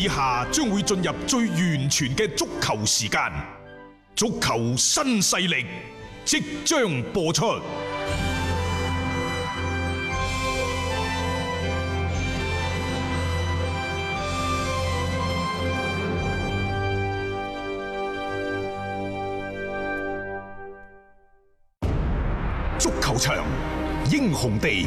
以下將會進入最完全嘅足球時間，足球新勢力即將播出。足球場，英雄地。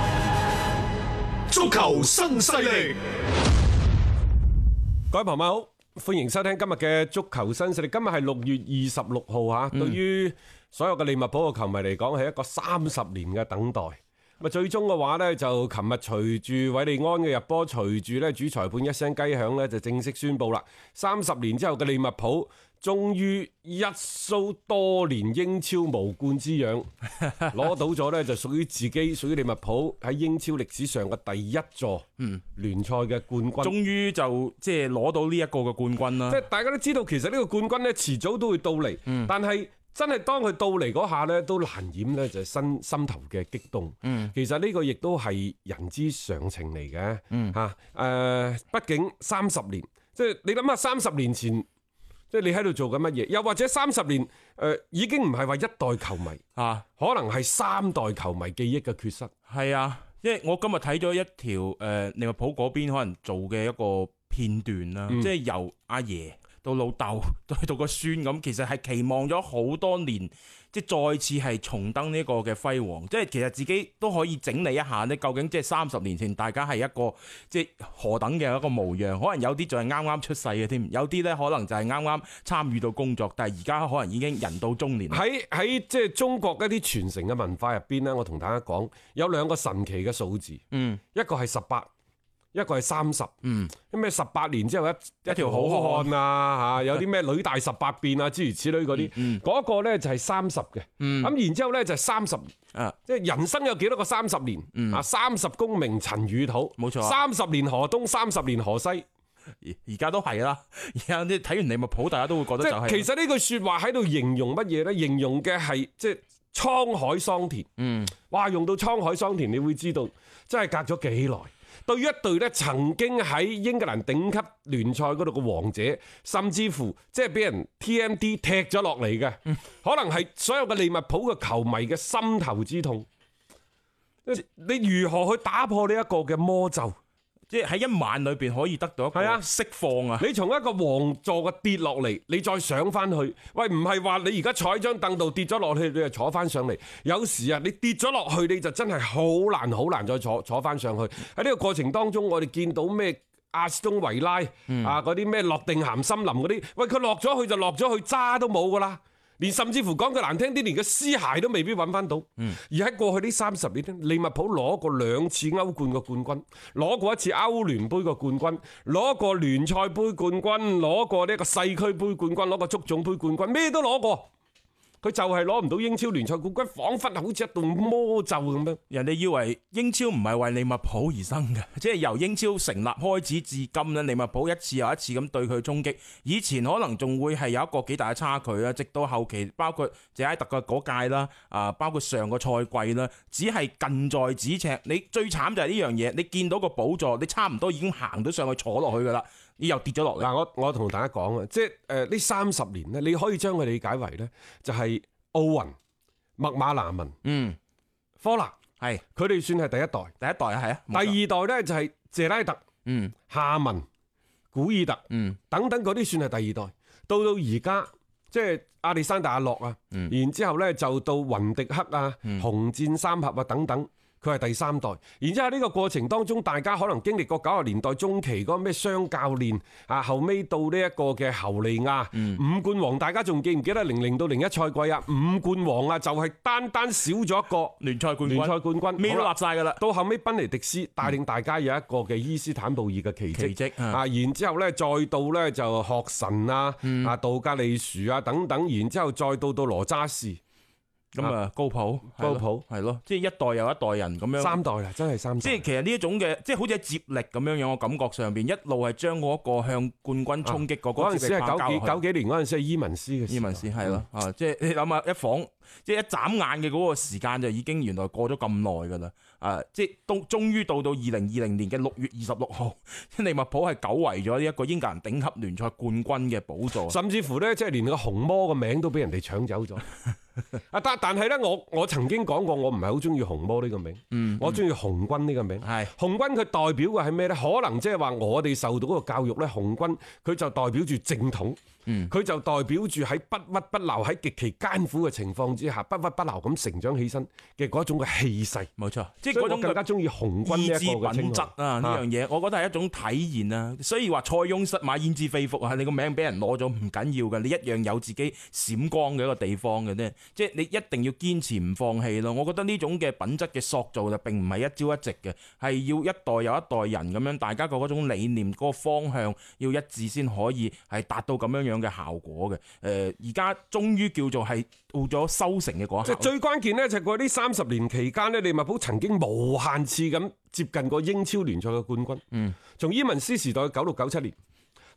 足球新勢力，各位朋友好，歡迎收聽今日嘅足球新勢力。今日係六月二十六號吓，對於所有嘅利物浦嘅球迷嚟講，係一個三十年嘅等待。咁啊，最終嘅話咧，就琴日隨住韋利安嘅入波，隨住咧主裁判一聲雞響咧，就正式宣布啦。三十年之後嘅利物浦。終於一掃多年英超無冠之癢，攞到咗咧就屬於自己，屬於利物浦喺英超歷史上嘅第一座聯賽嘅冠軍。終於、嗯、就即係攞到呢一個嘅冠軍啦！即係大家都知道，其實呢個冠軍咧遲早都會到嚟，嗯、但係真係當佢到嚟嗰下咧都難掩咧就係心頭嘅激動。嗯、其實呢個亦都係人之常情嚟嘅吓。誒、嗯，啊、畢竟三十年，即係、就是、你諗下三十年前。即係你喺度做緊乜嘢？又或者三十年，誒、呃、已經唔係話一代球迷嚇，啊、可能係三代球迷記憶嘅缺失。係啊，即係我今日睇咗一條誒利物浦嗰邊可能做嘅一個片段啦，嗯、即係由阿爺。到老豆，到去到個孫咁，其實係期望咗好多年，即再次係重登呢個嘅輝煌。即係其實自己都可以整理一下呢，究竟即係三十年前大家係一個，即係何等嘅一個模樣？可能有啲就係啱啱出世嘅添，有啲呢可能就係啱啱參與到工作，但係而家可能已經人到中年。喺喺即係中國一啲傳承嘅文化入邊呢，我同大家講有兩個神奇嘅數字，嗯，一個係十八。一個係三十，啲咩十八年之後一一條好漢啊吓，有啲咩女大十八變啊，諸如此類嗰啲，嗰個呢就係三十嘅。咁然之後呢就係三十年，即係人生有幾多個三十年？啊，三十功名塵與土，冇錯。三十年河東，三十年河西，而家都係啦。而家你睇完《利物浦》，大家都會覺得，其實呢句說話喺度形容乜嘢呢？形容嘅係即係滄海桑田。嗯，哇，用到滄海桑田，你會知道真係隔咗幾耐。對於一隊咧曾經喺英格蘭頂級聯賽嗰度嘅王者，甚至乎即係俾人 TMD 踢咗落嚟嘅，可能係所有嘅利物浦嘅球迷嘅心頭之痛。你如何去打破呢一個嘅魔咒？即係喺一晚裏邊可以得到一個釋放啊！你從一個王座嘅跌落嚟，你再上翻去，喂，唔係話你而家坐喺張凳度跌咗落去，你就坐翻上嚟。有時啊，你跌咗落去，你就真係好難好難再坐坐翻上去。喺呢個過程當中，我哋見到咩阿斯東維拉啊，嗰啲咩諾定咸森林嗰啲，喂，佢落咗去就落咗去，渣都冇噶啦。.連甚至乎講句難聽啲，連個屍骸都未必揾翻到。嗯、而喺過去呢三十年咧，利物浦攞過兩次歐冠嘅冠軍，攞過一次歐聯杯嘅冠軍，攞過聯賽杯冠軍，攞過呢一個世俱杯冠軍，攞過足總杯冠軍，咩都攞過。佢就係攞唔到英超聯賽冠軍，仿佛好似一道魔咒咁樣。人哋以為英超唔係為利物浦而生嘅，即係由英超成立開始至今呢，利物浦一次又一次咁對佢衝擊。以前可能仲會係有一個幾大嘅差距啦，直到後期包括謝拉特嘅嗰屆啦，啊，包括上個賽季啦，只係近在咫尺。你最慘就係呢樣嘢，你見到個寶座，你差唔多已經行咗上去坐落去嘅啦。你又跌咗落嚟，嗱我我同大家講啊，即係誒呢三十年咧，你可以將佢理解為咧，就係奧雲、麥馬拿文、嗯、科納拉係，佢哋是算係第一代，第一代啊係啊，第二代咧就係謝拉特、嗯、夏文、古爾特、嗯等等嗰啲算係第二代，到到而家即係亞歷山大阿洛啊，嗯、然之後咧就到雲迪克啊、嗯、紅戰三合啊等等。佢係第三代，然之後呢個過程當中，大家可能經歷過九十年代中期嗰個咩雙教練啊，後尾到呢一個嘅侯利亞、嗯、五冠王，大家仲記唔記得零零到零一賽季啊五冠王啊，就係單單少咗一個聯賽冠聯賽冠軍，咩都落曬噶啦。好到後尾賓尼迪斯帶領大家有一個嘅伊斯坦布爾嘅奇蹟啊，蹟然之後呢，再到呢，就學神啊啊、嗯、道格利殊啊等等，然之後再到到羅渣士。咁啊，嗯、高普高普係咯，即係了了一代又一代人咁樣。三代啊，真係三代。即係其實呢一種嘅，即係好似接力咁樣樣嘅感覺上邊，一路係將嗰個向冠軍衝擊嗰。嗰陣、啊、時係九幾九幾年嗰陣時係伊文斯嘅，伊文斯係咯，嗯、啊，即係你諗下，一晃即係一眨眼嘅嗰個時間就已經原來過咗咁耐噶啦，啊，即係都終於到到二零二零年嘅六月二十六號， 利物浦係久違咗呢一個英格蘭頂級聯賽冠軍嘅寶座。甚至乎咧，即係連個紅魔嘅名都俾人哋搶走咗。 阿得，但係咧，我我曾經講過，我唔係好中意紅魔呢個名，嗯嗯我中意紅軍呢個名。係是的 紅軍佢代表嘅係咩咧？可能即係話我哋受到嗰個教育咧，紅軍佢就代表住正統。嗯，佢就代表住喺不屈不撓、喺極其艱苦嘅情況之下，不屈不撓咁成長起身嘅嗰種嘅氣勢，冇錯，即係嗰種更加中意紅軍、呢個意志品質啊！呢樣嘢，啊、我覺得係一種體現啊。所以話塞翁失馬焉知非福啊！你個名俾人攞咗唔緊要嘅，你一樣有自己閃光嘅一個地方嘅啫。即係你一定要堅持唔放棄咯。我覺得呢種嘅品質嘅塑造就並唔係一朝一夕嘅，係要一代又一代人咁樣大家個嗰種理念個方向要一致先可以係達到咁樣樣。樣嘅效果嘅，誒，而家終於叫做係到咗收成嘅嗰一刻。即係最關鍵咧，就喺過呢三十年期間咧，利物浦曾經無限次咁接近過英超聯賽嘅冠軍。嗯，從伊文斯時代九六九七年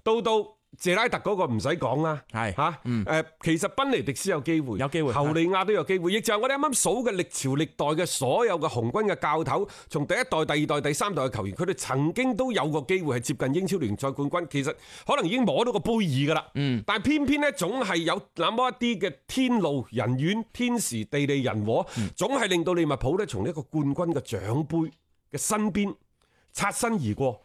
到到。謝拉特嗰個唔使講啦，係吓，誒，其實賓尼迪斯有機會，有機會，侯利亞都有機會，亦的就係我哋啱啱數嘅歷朝歷代嘅所有嘅紅軍嘅教頭，從第一代、第二代、第三代嘅球員，佢哋曾經都有個機會係接近英超聯賽冠軍，其實可能已經摸到個杯耳噶啦，嗯，但係偏偏呢，總係有那麼一啲嘅天怒人怨、天時地利人和，總係令到利物浦呢，從呢一個冠軍嘅獎杯嘅身邊擦身而過。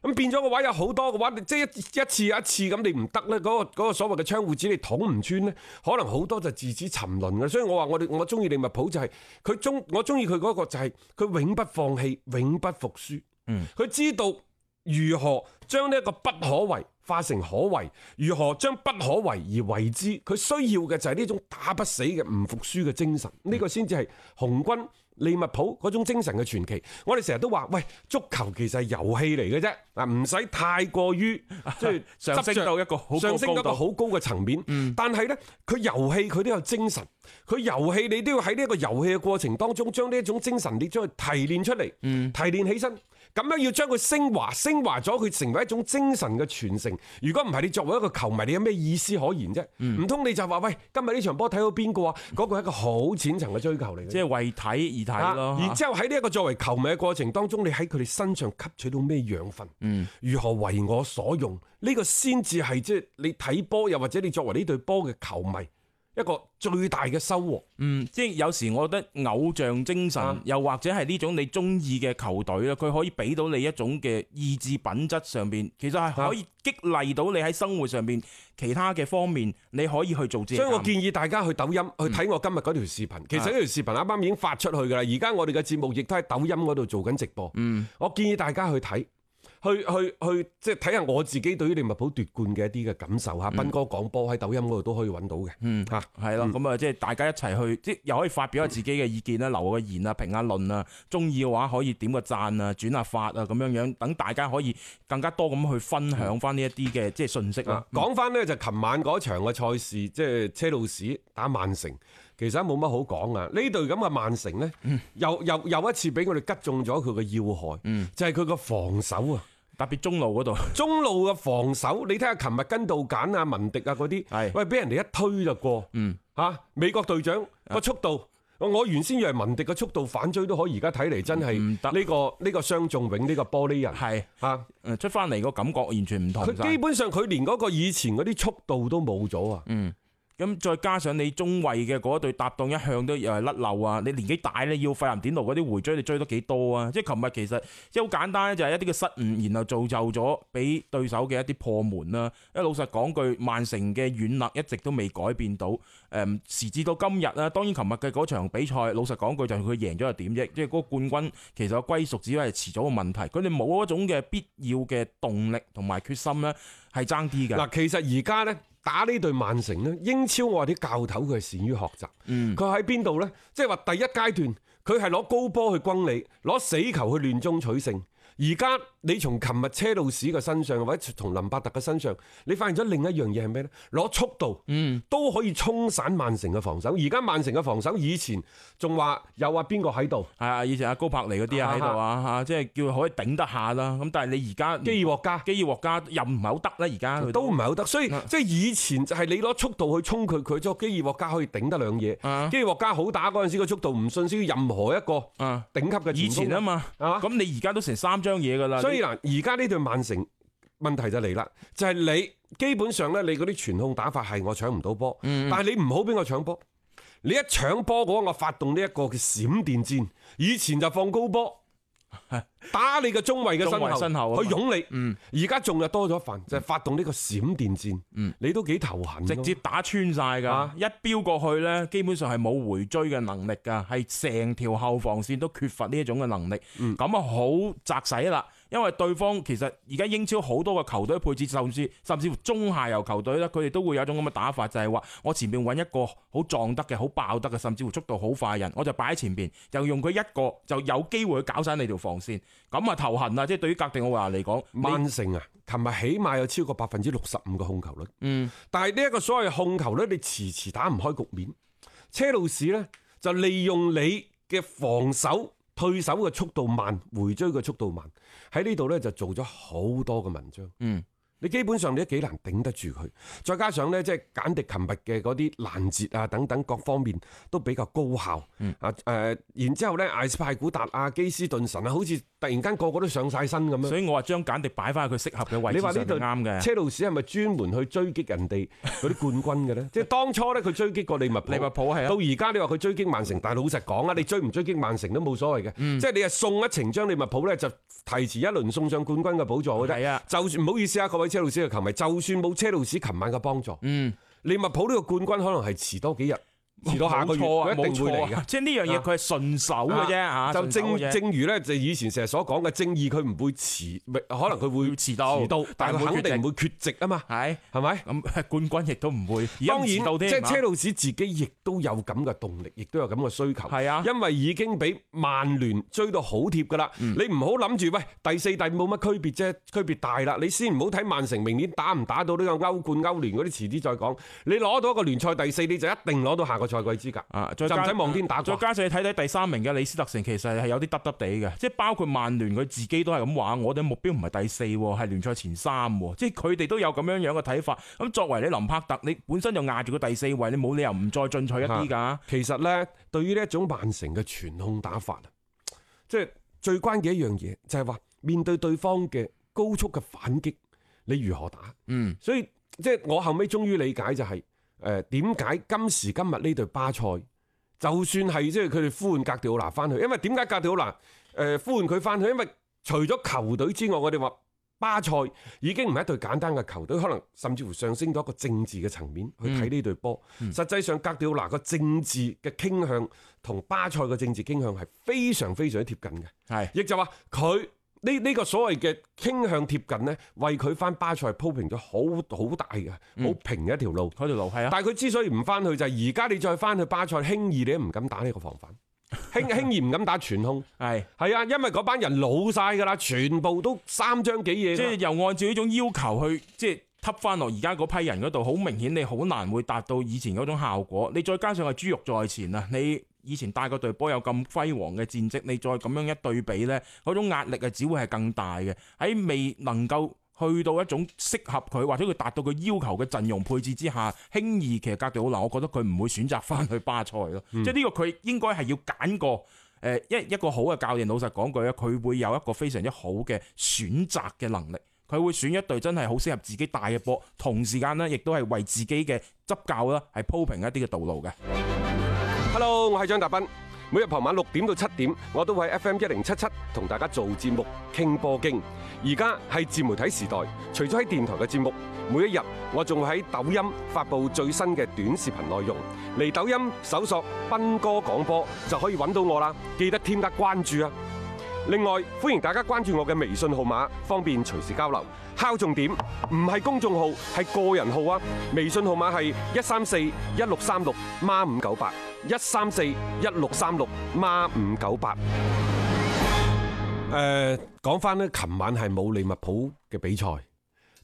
咁變咗嘅話，有好多嘅話，即係一一次一次咁，你唔得咧，嗰、嗰個所謂嘅窗戶紙，你捅唔穿咧，可能好多就自此沉淪嘅。所以我話我我中意利物浦就係佢中，我中意佢嗰個就係、係、佢永不放棄、永不服輸。嗯，佢知道如何將呢一個不可為化成可為，如何將不可為而為之。佢需要嘅就係呢種打不死嘅唔服輸嘅精神，呢、呢個先至係紅軍。利物浦嗰種精神嘅傳奇，我哋成日都話，喂，足球其實係遊戲嚟嘅啫，啊，唔使太過於即係上升到一個好高上升到一個好高嘅層面。嗯、但係呢，佢遊戲佢都有精神，佢遊戲你都要喺呢一個遊戲嘅過程當中，將呢一種精神你將佢提煉出嚟，嗯、提煉起身。咁樣要將佢升華，升華咗佢成為一種精神嘅傳承。如果唔係，你作為一個球迷，你有咩意思可言啫？唔通、嗯、你就話喂，今日呢場波睇到邊個啊？嗰個係一個好淺層嘅追求嚟嘅，即係為睇而睇咯、啊。而之後喺呢一個作為球迷嘅過程當中，你喺佢哋身上吸取到咩養分？嗯，如何為我所用？呢、這個先至係即係你睇波，又或者你作為呢隊波嘅球迷。一個最大嘅收穫，嗯，即係有時我覺得偶像精神，嗯、又或者係呢種你中意嘅球隊啦，佢可以俾到你一種嘅意志品質上邊，其實係可以激勵到你喺生活上邊其他嘅方面，你可以去做自己。所以我建議大家去抖音去睇我今日嗰條視頻，嗯、其實呢條視頻啱啱已經發出去噶啦，而家我哋嘅節目亦都喺抖音嗰度做緊直播，嗯，我建議大家去睇。去去去，即係睇下我自己對於利物浦奪冠嘅一啲嘅感受嚇。斌哥、嗯、講波喺抖音嗰度都可以揾到嘅，嚇係啦。咁啊、嗯，即係大家一齊去，即又可以發表下自己嘅意見啦，嗯、留個言啊，評下、啊、論啊，中意嘅話可以點個讚啊，轉下、啊、發啊，咁樣樣等大家可以更加多咁去分享翻呢一啲嘅即係信息啊。嗯嗯、講翻呢，就琴晚嗰場嘅賽事，即係車路士打曼城。其實冇乜好講啊。呢隊咁嘅曼城咧，又又又一次俾我哋擊中咗佢嘅要害，就係佢個防守啊，特別中路嗰度。中路嘅防守，你睇下琴日跟道簡啊、文迪啊嗰啲，喂俾人哋一推就過，吓美國隊長個速度，我原先以為文迪個速度反追都可以，而家睇嚟真係唔得。呢個呢個傷仲永呢個玻璃人係吓出翻嚟個感覺完全唔同。佢基本上佢連嗰個以前嗰啲速度都冇咗啊。咁再加上你中衛嘅嗰一對搭檔一向都又係甩漏啊！你年紀大你要肺癌點到嗰啲回追，你追得幾多啊？即係琴日其實即係好簡單就係、是、一啲嘅失誤，然後造就咗俾對手嘅一啲破門啦、啊。因為老實講句，曼城嘅軟肋一直都未改變到。誒、嗯，時至到今日啦，當然琴日嘅嗰場比賽，老實講句就係佢贏咗又點啫？即係嗰個冠軍其實歸屬只係遲早嘅問題。佢哋冇嗰種嘅必要嘅動力同埋決心呢，係爭啲嘅。嗱，其實而家呢。打呢對曼城呢，英超我話啲教頭佢係善於學習，佢喺邊度呢？即係話第一階段，佢係攞高波去轟你，攞死球去亂中取勝。而家你從琴日車路士嘅身上，或者同林伯特嘅身上，你發現咗另一樣嘢係咩咧？攞速度，嗯，都可以沖散曼城嘅防守。而家曼城嘅防守以，以前仲話又話邊個喺度？係啊，以前阿高柏尼嗰啲啊喺度啊，嚇、啊，即係叫佢可以頂得下啦。咁但係你而家基爾獲加，基爾獲加又唔係好得啦，而家都唔係好得，所以即係以前就係你攞速度去沖佢，佢咗基爾獲加可以頂得兩嘢。基爾獲加好打陣時個速度，唔遜輸，任何一個頂級嘅以前啊嘛，咁你而家都成三張嘢噶啦，所以嗱，而家呢段曼城問題就嚟啦，就係你基本上咧，你嗰啲傳控打法係我搶唔到波，嗯、但係你唔好俾我搶波，你一搶波嗰，我發動呢一個嘅閃電戰，以前就放高波。係打你個中衛嘅身後，佢擁你。嗯，而家仲有多咗份，就係、是、發動呢個閃電戰。嗯，你都幾頭痕，直接打穿晒噶，啊、一飆過去咧，基本上係冇回追嘅能力噶，係成條後防線都缺乏呢一種嘅能力。嗯，咁啊好窒死啦。因為對方其實而家英超好多嘅球隊配置，甚至甚至乎中下游球隊咧，佢哋都會有一種咁嘅打法，就係話我前面揾一個好撞得嘅、好爆得嘅，甚至乎速度好快人，我就擺喺前邊，又用佢一個就有機會去搞晒你條防線。咁啊頭痕啊，即係對於哥迪奧拿嚟講，曼城啊，琴日起碼有超過百分之六十五嘅控球率。嗯。但係呢一個所謂控球率，你遲遲打唔開局面，車路士呢，就利用你嘅防守。嗯退守嘅速度慢，回追嘅速度慢，喺呢度呢就做咗好多嘅文章。嗯，你基本上你都幾難頂得住佢。再加上呢，即係簡迪琴日嘅嗰啲攔截啊等等各方面都比較高效。啊、呃、誒，然之後呢，艾斯派古達啊基斯頓神啊，好似。突然間個個都上晒身咁樣，所以我話將簡迪擺翻去佢適合嘅位置，你話呢對啱嘅。車路士係咪專門去追擊人哋嗰啲冠軍嘅咧？ 即係當初咧，佢追擊過利物浦，利物浦係啊。到而家你話佢追擊曼城，但係老實講啊，你追唔追擊曼城都冇所謂嘅。即係你係送一程將利物浦咧，就提前一輪送上冠軍嘅寶座嘅啫。係啊，就算唔好意思啊，各位車路士嘅球迷，就算冇車路士琴晚嘅幫助，嗯，利物浦呢個冠軍可能係遲多幾日。遲到下個月，冇錯啊，佢一定會嚟嘅。即係呢樣嘢，佢係順手嘅啫吓。就正正如咧，就以前成日所講嘅正義，佢唔會遲，可能佢會遲到，遲到，但係佢肯定唔會缺席啊嘛。係，係咪？咁冠軍亦都唔會。當然，即係車路士自己亦都有咁嘅動力，亦都有咁嘅需求。係啊，因為已經俾曼聯追到好貼噶啦。你唔好諗住喂第四、第五冇乜區別啫，區別大啦。你先唔好睇曼城明年打唔打到呢個歐冠、歐聯嗰啲，遲啲再講。你攞到一個聯賽第四，你就一定攞到下個賽季資格啊！再唔使望天打，再加上你睇睇第三名嘅李斯特城，其實係有啲得得地嘅，即係包括曼聯佢自己都係咁話，我哋目標唔係第四，係聯賽前三喎，即係佢哋都有咁樣樣嘅睇法。咁作為你林柏特，你本身就壓住個第四位，你冇理由唔再進取一啲㗎、嗯。其實咧，對於呢一種曼城嘅傳控打法啊，即係最關鍵一樣嘢，就係話面對對方嘅高速嘅反擊，你如何打？嗯，所以即係我後尾終於理解就係、是。誒，點解今時今日呢隊巴塞，就算係即係佢哋呼喚哥迪奧拿返去，因為點解哥迪奧拿誒呼喚佢返去？因為除咗球隊之外，我哋話巴塞已經唔係一隊簡單嘅球隊，可能甚至乎上升到一個政治嘅層面去睇呢隊波。實際上，哥迪奧拿個政治嘅傾向同巴塞嘅政治傾向係非常非常之貼近嘅。係是，亦就話佢。呢呢個所謂嘅傾向貼近呢，為佢翻巴塞鋪平咗好好大嘅好平嘅一條路，一條路、嗯。係啊，但係佢之所以唔翻去就係而家你再翻去巴塞，輕易你都唔敢打呢個防反，輕 輕易唔敢打傳控。係係 是啊，因為嗰班人老晒㗎啦，全部都三張幾嘢。即係又按照呢種要求去，即係執翻落而家嗰批人嗰度，好明顯你好難會達到以前嗰種效果。你再加上係珠玉在前啊，你。以前帶個隊波有咁輝煌嘅戰績，你再咁樣一對比呢，嗰種壓力啊，只會係更大嘅。喺未能夠去到一種適合佢或者佢達到佢要求嘅陣容配置之下，輕易其實格調好難。我覺得佢唔會選擇翻去巴塞咯。嗯、即係呢個佢應該係要揀個誒一一個好嘅教練。老實講句啊，佢會有一個非常之好嘅選擇嘅能力。佢會選一隊真係好適合自己帶嘅波，同時間呢亦都係為自己嘅執教啦係鋪平一啲嘅道路嘅。Hello，我係張達斌。每日傍晚六點到七點，我都會喺 FM 一零七七同大家做節目傾波經。而家係自媒體時代，除咗喺電台嘅節目，每一日我仲會喺抖音發佈最新嘅短視頻內容。嚟抖音搜索斌哥廣播就可以揾到我啦，記得添加關注啊！另外，歡迎大家關注我嘅微信號碼，方便隨時交流。敲重點，唔係公眾號，係個人號啊！微信號碼係一三四一六三六孖五九八，一三四一六三六孖五九八。誒，講翻呢琴晚係冇利物浦嘅比賽。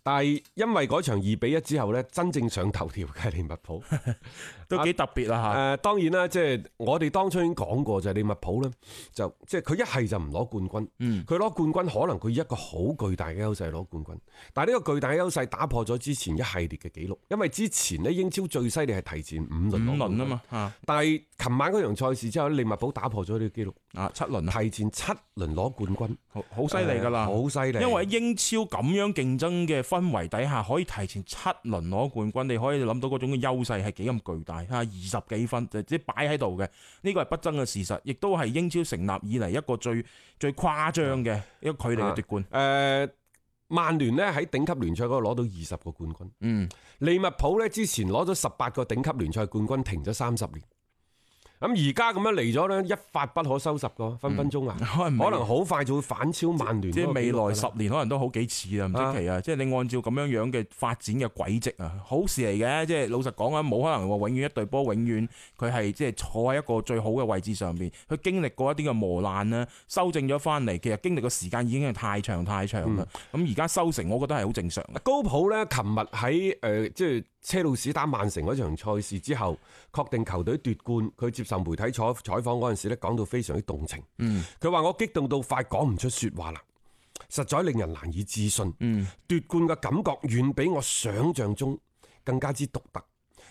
但係因為嗰場二比一之後呢，真正上頭條嘅係利物浦 都幾特別啦吓。當然啦，即、就、係、是、我哋當初已經講過就係利物浦呢，就即係佢一係就唔攞冠軍，佢攞、嗯、冠軍可能佢一個好巨大嘅優勢攞冠軍。但係呢個巨大嘅優勢打破咗之前一系列嘅紀錄，因為之前呢英超最犀利係提前五輪。五輪啊嘛，但係琴晚嗰場賽事之後，利物浦打破咗呢個紀錄啊，七輪、啊、提前七輪攞冠軍，好犀利噶啦，好犀利。因為英超咁樣競爭嘅。氛圍底下可以提前七輪攞冠軍，你可以諗到嗰種嘅優勢係幾咁巨大吓，二十幾分就即係擺喺度嘅，呢個係不爭嘅事實，亦都係英超成立以嚟一個最最誇張嘅一個佢哋嘅奪冠。誒、啊呃，曼聯咧喺頂級聯賽嗰度攞到二十個冠軍，嗯，利物浦咧之前攞咗十八個頂級聯賽冠軍，停咗三十年。咁而家咁樣嚟咗呢，一發不可收拾個，分分鐘啊、嗯！可能好快就會反超曼聯。即係未來十年，可能都好幾次啊，唔出奇啊！即係你按照咁樣樣嘅發展嘅軌跡啊，好事嚟嘅。即係老實講啊，冇可能永遠一隊波，永遠佢係即係坐喺一個最好嘅位置上邊。佢經歷過一啲嘅磨難咧，修正咗翻嚟。其實經歷嘅時間已經係太長太長啦。咁而家收成，我覺得係好正常。嗯、高普呢，琴日喺誒、呃，即係。車路士打曼城嗰場賽事之後，確定球隊奪冠，佢接受媒體採採訪嗰陣時咧，講到非常之動情。佢話、嗯、我激動到快講唔出說話啦，實在令人難以置信。奪、嗯、冠嘅感覺遠比我想象中更加之獨特。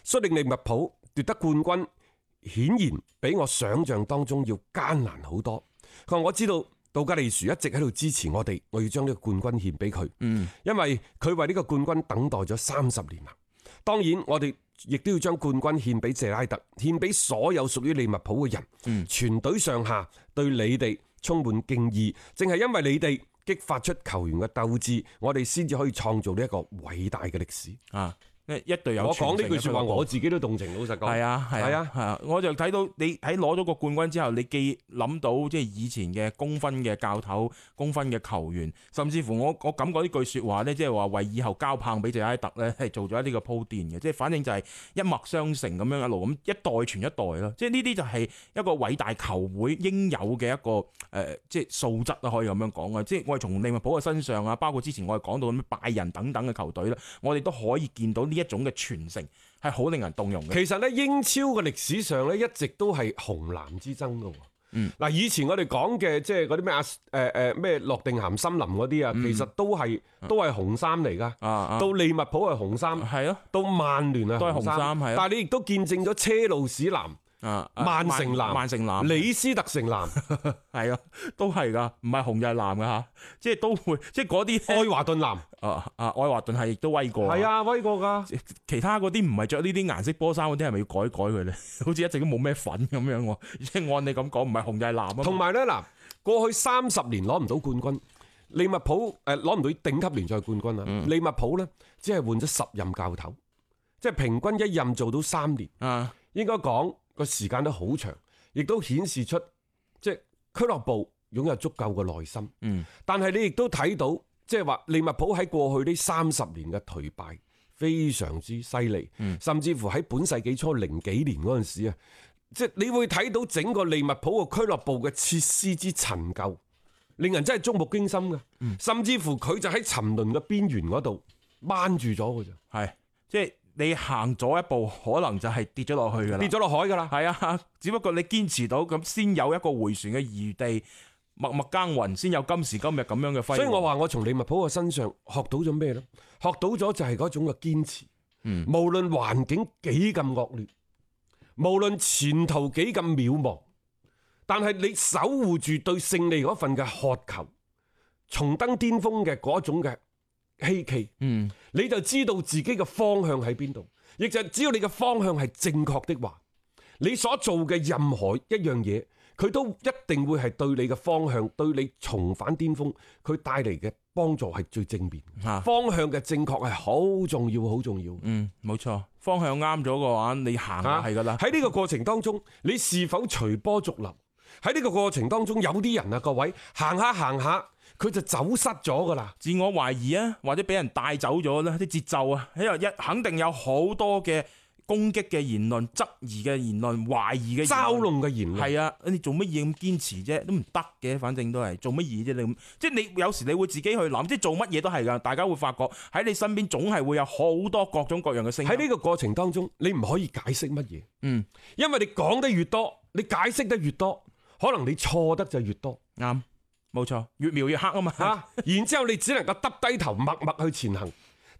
率領利物浦奪得冠軍，顯然比我想象當中要艱難好多。佢話，我知道杜嘉利殊一直喺度支持我哋，我要將呢個冠軍獻俾佢，嗯、因為佢為呢個冠軍等待咗三十年啦。當然，我哋亦都要將冠軍獻俾謝拉特，獻俾所有屬於利物浦嘅人。全隊上下對你哋充滿敬意，正係因為你哋激發出球員嘅鬥志，我哋先至可以創造呢一個偉大嘅歷史啊！一隊有一我講呢句說話，我自己都動情，老實講係啊係啊係啊，啊，我就睇到你喺攞咗個冠軍之後，你記諗到即係以前嘅功勳嘅教頭、功勳嘅球員，甚至乎我我感覺呢句話、就是、說話呢，即係話為以後交棒俾謝拉特呢，係做咗一啲個鋪墊嘅，即係反正就係一脈相承咁樣，一路咁一代傳一代咯。即係呢啲就係、是、一個偉大球會應有嘅一個誒即係素質啊，可以咁樣講啊。即、就、係、是、我哋從利物浦嘅身上啊，包括之前我哋講到咁拜仁等等嘅球隊啦，我哋都可以見到。呢一種嘅傳承係好令人動容嘅。其實咧，英超嘅歷史上咧一直都係紅藍之爭嘅喎。嗯，嗱，以前我哋講嘅即係嗰啲咩阿誒誒咩諾定咸森林嗰啲啊，其實都係、嗯、都係紅衫嚟㗎。啊嗯、到利物浦係紅衫，係咯、啊，到曼聯啊，都係紅衫，係。但係你亦都見證咗車路士藍。嗯啊！啊曼城曼藍、曼城藍、李斯特城藍，係啊，都係噶，唔係紅又係藍噶吓，即係都會，即係嗰啲愛華頓藍，啊啊，愛華頓係亦都威過。係啊，威過噶。其他嗰啲唔係着呢啲顏色波衫嗰啲，係咪要改改佢咧？ 好似一直都冇咩粉咁樣喎。即、啊、係按你咁講，唔係紅又係藍啊。同埋咧，嗱，過去三十年攞唔到冠軍，利物浦誒攞唔到頂級聯賽冠軍啊。嗯、利物浦咧只係換咗十任教頭，即係平均一任做到三年。啊，應該講。個時間都好長，亦都顯示出即係俱樂部擁有足夠嘅耐心。嗯，但係你亦都睇到，即係話利物浦喺過去呢三十年嘅頹敗非常之犀利。嗯，甚至乎喺本世紀初零幾年嗰陣時啊，即係，嗯，你會睇到整個利物浦個俱樂部嘅設施之陳舊，令人真係觸目驚心嘅。甚至乎佢就喺沉淪嘅邊緣嗰度掹住咗嘅，嗯，就係、是，即係。你行咗一步，可能就係跌咗落去噶啦，跌咗落海噶啦。係啊，只不過你堅持到咁，先有一個回旋嘅餘地，默默耕耘，先有今時今日咁樣嘅輝。所以我話我從利物浦嘅身上學到咗咩呢？學到咗就係嗰種嘅堅持，無論環境幾咁惡劣，無論前途幾咁渺茫，但係你守護住對勝利嗰份嘅渴求，重登巔峰嘅嗰種嘅，希冀，嗯，你就知道自己嘅方向喺邊度，亦就只要你嘅方向係正確的話，你所做嘅任何一樣嘢，佢都一定會係對你嘅方向，對你重返巔峰，佢帶嚟嘅幫助係最正面。方向嘅正確係好重要，好重要。嗯，冇錯，方向啱咗嘅話，你行係噶啦。啊，喺呢個過程當中，你是否隨波逐流？喺呢個過程當中，有啲人啊，各位行下行下。走走走佢就走失咗噶啦，自我懷疑啊，或者俾人帶走咗咧，啲節奏啊，喺度一肯定有好多嘅攻擊嘅言論、質疑嘅言論、懷疑嘅嘲弄嘅言論，係啊，你做乜嘢咁堅持啫，啊？都唔得嘅，反正都係做乜嘢啫？你即係你有時你會自己去諗，即係做乜嘢都係噶。大家會發覺喺你身邊總係會有好多各種各樣嘅聲音。喺呢個過程當中，你唔可以解釋乜嘢？嗯，因為你講得越多，你解釋得越多，可能你錯得就越多。啱、嗯。冇錯，越描越黑啊嘛，吓， 然之後你只能夠耷低頭默默去前行，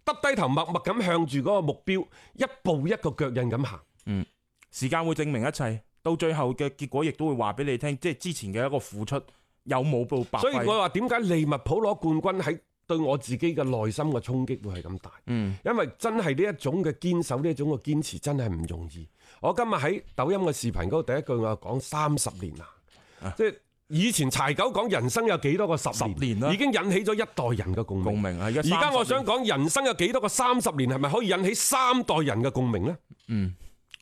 耷低頭默默咁向住嗰個目標，一步一個腳印咁行。嗯，時間會證明一切，到最後嘅結果亦都會話俾你聽，即係之前嘅一個付出有冇到白費。所以我話點解利物浦攞冠軍喺對我自己嘅內心嘅衝擊會係咁大？嗯，因為真係呢一種嘅堅守，呢一種嘅堅持真係唔容易。我今日喺抖音嘅視頻嗰度第一句我講三十年啊，即係。以前柴九講人生有幾多個十年啦，十年已經引起咗一代人嘅共鳴。而家我想講人生有幾多個三十年，係咪可以引起三代人嘅共鳴呢？嗯，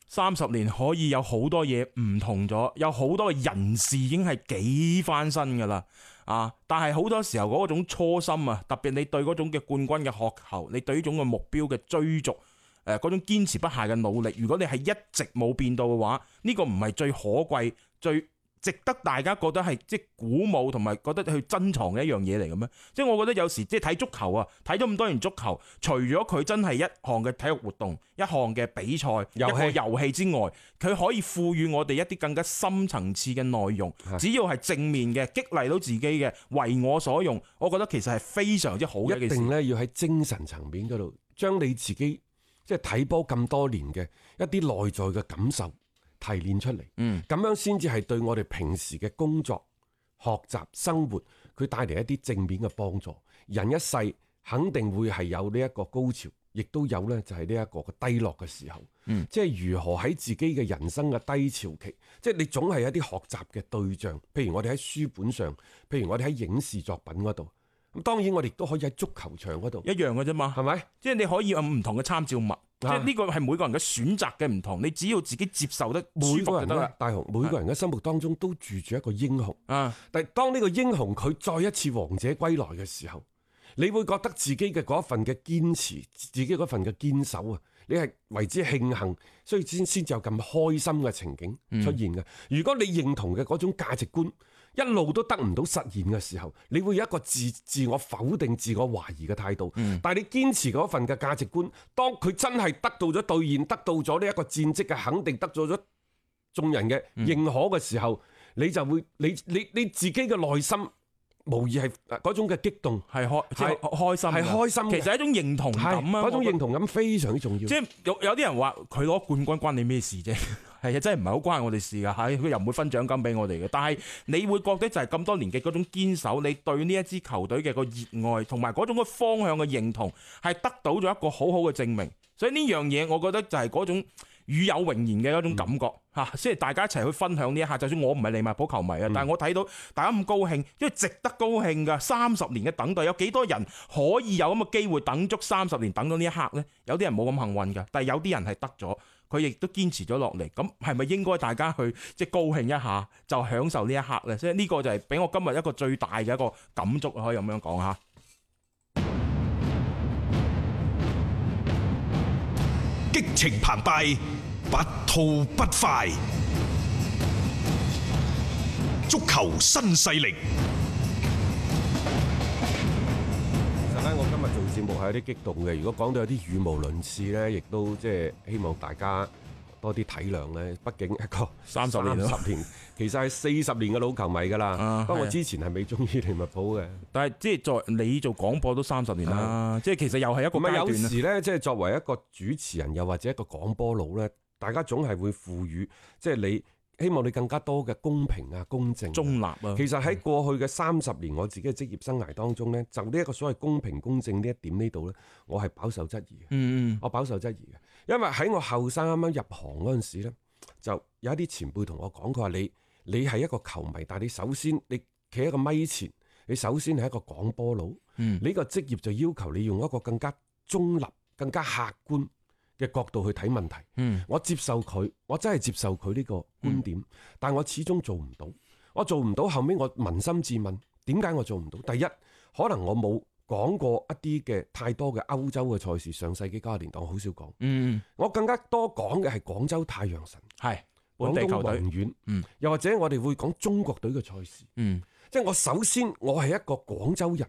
三十年可以有好多嘢唔同咗，有好多嘅人事已經係幾翻身噶啦。啊，但係好多時候嗰種初心啊，特別你對嗰種嘅冠軍嘅渴求，你對呢種嘅目標嘅追逐，嗰種堅持不懈嘅努力，如果你係一直冇變到嘅話，呢個唔係最可貴最值得大家覺得係即係鼓舞同埋覺得去珍藏嘅一樣嘢嚟嘅咩？即係我覺得有時即係睇足球啊，睇咗咁多年足球，除咗佢真係一項嘅體育活動，一項嘅比賽一個遊戲之外，佢可以賦予我哋一啲更加深層次嘅內容。的只要係正面嘅、激勵到自己嘅、為我所用，我覺得其實係非常之好嘅一件事。一定咧要喺精神層面嗰度，將你自己即係睇波咁多年嘅一啲內在嘅感受。提煉出嚟，嗯、咁樣先至係對我哋平時嘅工作、學習、生活，佢帶嚟一啲正面嘅幫助。人一世肯定會係有呢一個高潮，亦都有呢就係呢一個低落嘅時候。嗯、即係如何喺自己嘅人生嘅低潮期，即係你總係有一啲學習嘅對象，譬如我哋喺書本上，譬如我哋喺影視作品嗰度。咁當然我哋都可以喺足球場嗰度，一樣嘅啫嘛，係咪吧？即係你可以用唔同嘅參照物。即係呢個係每個人嘅選擇嘅唔同，你只要自己接受得舒服就得啦，每個人都大雄，每個人嘅心目當中都住住一個英雄。啊！但係當呢個英雄佢再一次王者歸來嘅時候，你會覺得自己嘅嗰份嘅堅持、自己嗰份嘅堅守啊，你係為之慶幸，所以先先至有咁開心嘅情景出現嘅。如果你認同嘅嗰種價值觀一路都得唔到實現嘅時候，你會有一個自自我否定、自我懷疑嘅態度。嗯、但係你堅持嗰份嘅價值觀，當佢真係得到咗兌現，得到咗呢一個戰績嘅肯定，得到咗眾人嘅認可嘅時候，嗯、你就會你你你自己嘅內心，無疑係嗰種嘅激動，係開係開心，係開心。其實係一種認同感啊！嗰種認同感非常之重要。即係有有啲人話佢攞冠軍關你咩事啫？係啊，真係唔係好關我哋事噶，嚇、哎、佢又唔會分獎金俾我哋嘅。但係你會覺得就係咁多年嘅嗰種堅守，你對呢一支球隊嘅個熱愛同埋嗰種嘅方向嘅認同，係得到咗一個好好嘅證明。所以呢樣嘢，我覺得就係嗰種與有榮焉嘅嗰種感覺嚇。即係、嗯、大家一齊去分享呢一刻。就算我唔係利物浦球迷啊，嗯、但係我睇到大家咁高興，因為值得高興㗎。三十年嘅等待，有幾多人可以有咁嘅機會等足三十年，等到呢一刻呢？有啲人冇咁幸運㗎，但係有啲人係得咗。佢亦都堅持咗落嚟，咁係咪應該大家去即高興一下，就享受呢一刻呢？即係呢個就係俾我今日一個最大嘅一個感觸，可以咁樣講吓。激情澎湃，不吐不快，足球新勢力。冇係有啲激動嘅，如果講到有啲語無倫次呢，亦都即係希望大家多啲體諒咧。畢竟一個三十年，十年 其實係四十年嘅老球迷噶啦。不過我之前係未中意利物浦嘅，但係即係在你做廣播都三十年啦。的即係其實又係一個階段咧。有時咧，即係作為一個主持人，又或者一個廣播佬呢，大家總係會賦予即係你。希望你更加多嘅公平啊、公正、中立啊。其實喺過去嘅三十年我自己嘅職業生涯當中呢，的就呢一個所謂公平、公正呢一點呢度呢，我係飽受質疑。嗯嗯，我飽受質疑嘅，因為喺我後生啱啱入行嗰陣時咧，就有一啲前輩同我講，佢話你你係一個球迷，但係你首先你企一個咪前，你首先係一個廣播佬。嗯，呢個職業就要求你用一個更加中立、更加客觀嘅角度去睇問題，嗯、我接受佢，我真係接受佢呢個觀點，嗯、但我始終做唔到，我做唔到，後尾我捫心自問，點解我做唔到？第一，可能我冇講過一啲嘅太多嘅歐洲嘅賽事，上世紀九十年代我好少講，嗯、我更加多講嘅係廣州太陽神，係、嗯、廣東宏遠，嗯、又或者我哋會講中國隊嘅賽事，嗯、即係我首先我係一個廣州人，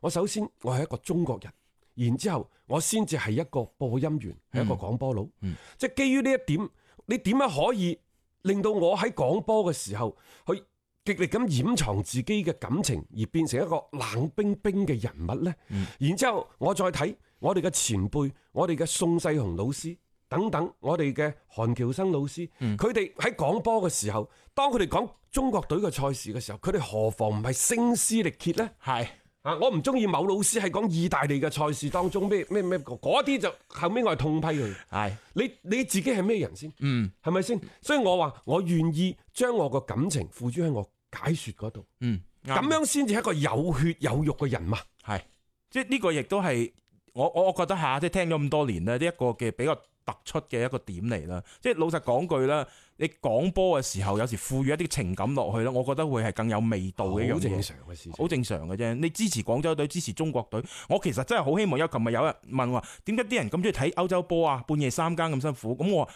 我首先我係一個中國人。然之後，我先至係一個播音員，係、嗯、一個廣播佬。嗯、即係基於呢一點，你點樣可以令到我喺廣播嘅時候去極力咁掩藏自己嘅感情，而變成一個冷冰冰嘅人物呢？嗯、然之後我我，我再睇我哋嘅前輩，我哋嘅宋世雄老師等等，我哋嘅韓喬生老師，佢哋喺廣播嘅時候，當佢哋講中國隊嘅賽事嘅時候，佢哋何妨唔係聲嘶力竭呢？係。啊！我唔中意某老師係講意大利嘅賽事當中咩咩咩嗰啲就後尾我係痛批佢。係的你你自己係咩人先？嗯，係咪先？所以我話我願意將我個感情付諸喺我解説嗰度。嗯，咁樣先至係一個有血有肉嘅人嘛。係，即係呢個亦都係我我覺得吓，即係聽咗咁多年咧，呢、這、一個嘅比較。突出嘅一個點嚟啦，即係老實講句啦，你講波嘅時候有時賦予一啲情感落去啦，我覺得會係更有味道嘅咁正常嘅事，好、哦、正常嘅啫試，你支持廣州隊，支持中國隊，我其實真係好希望。因為琴日有人問我，點解啲人咁中意睇歐洲波啊？半夜三更咁辛苦，咁我。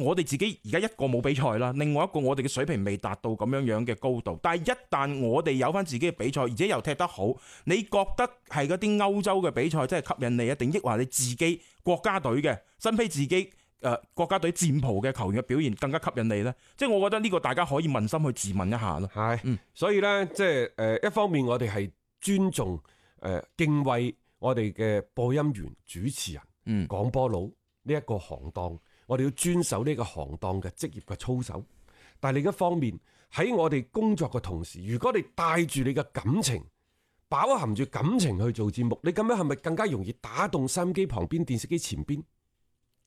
我哋自己而家一個冇比賽啦，另外一個我哋嘅水平未達到咁樣樣嘅高度。但係一旦我哋有返自己嘅比賽，而且又踢得好，你覺得係嗰啲歐洲嘅比賽真係吸引你啊？定抑或你自己國家隊嘅身披自己誒、呃、國家隊戰袍嘅球員嘅表現更加吸引你呢？即係、就是、我覺得呢個大家可以問心去自問一下咯。係是，嗯、所以呢，即係誒，一方面我哋係尊重誒、呃、敬畏我哋嘅播音員、主持人、嗯、廣播佬呢一個行當。我哋要遵守呢個行當嘅職業嘅操守，但係另一方面喺我哋工作嘅同時，如果你帶住你嘅感情，包含住感情去做節目，你咁樣係咪更加容易打動收音機旁邊電視機前邊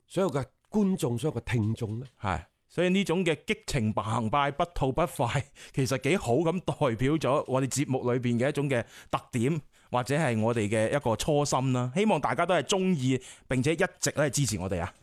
所有嘅觀眾、所有嘅聽眾呢？係，所以呢種嘅激情澎湃、不吐不快，其實幾好咁代表咗我哋節目裏邊嘅一種嘅特點，或者係我哋嘅一個初心啦。希望大家都係中意，並且一直都係支持我哋啊！